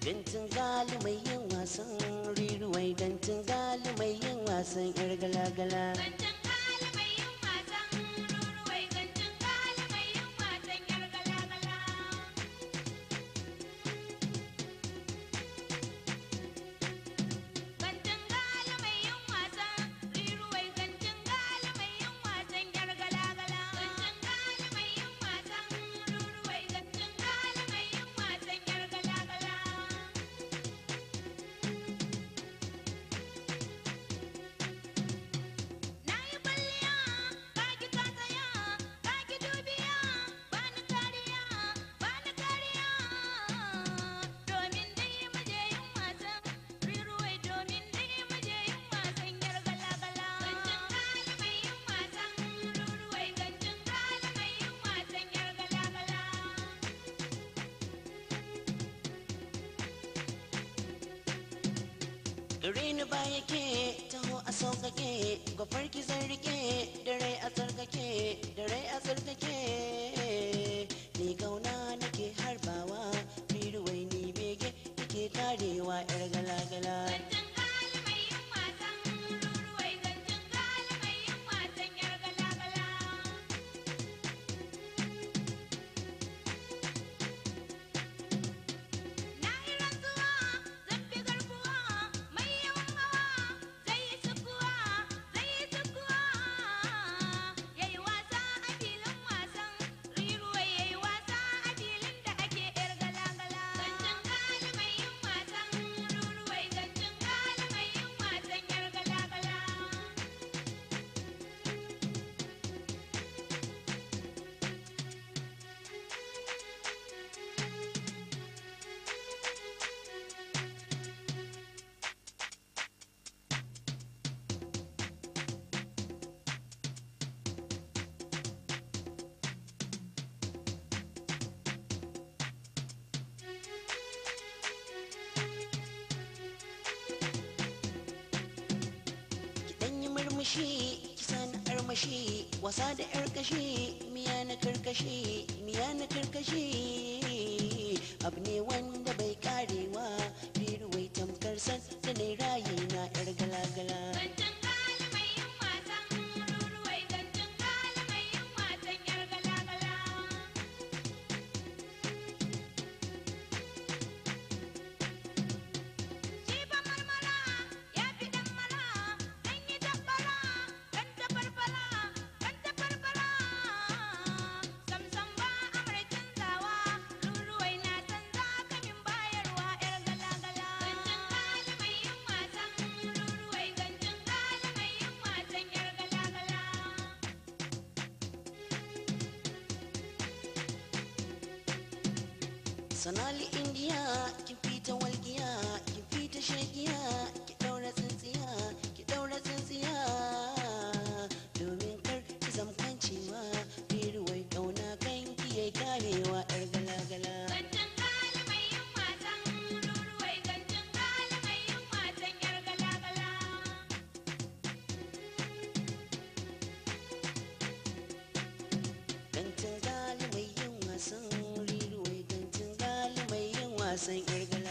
dantin gali mai yin wasan riruwai dantin gali mai yin wasan 'yar gala-gala gare ni ba yake taho a sauƙaƙe gwafar ki zan rike da rai a tsarkake da rai a tsarkake ni kauna nake harbawa riruwai ni bege nake karewa yar gala-gala armashi kisan na armashi wasa da yar kashi miya na karkashi miya na karkashi abu wanda bai sanali indiya ki fita walgiya ki fita shagiya ki daura tsintsiya ki daura tsintsiya பசங்களுக்கு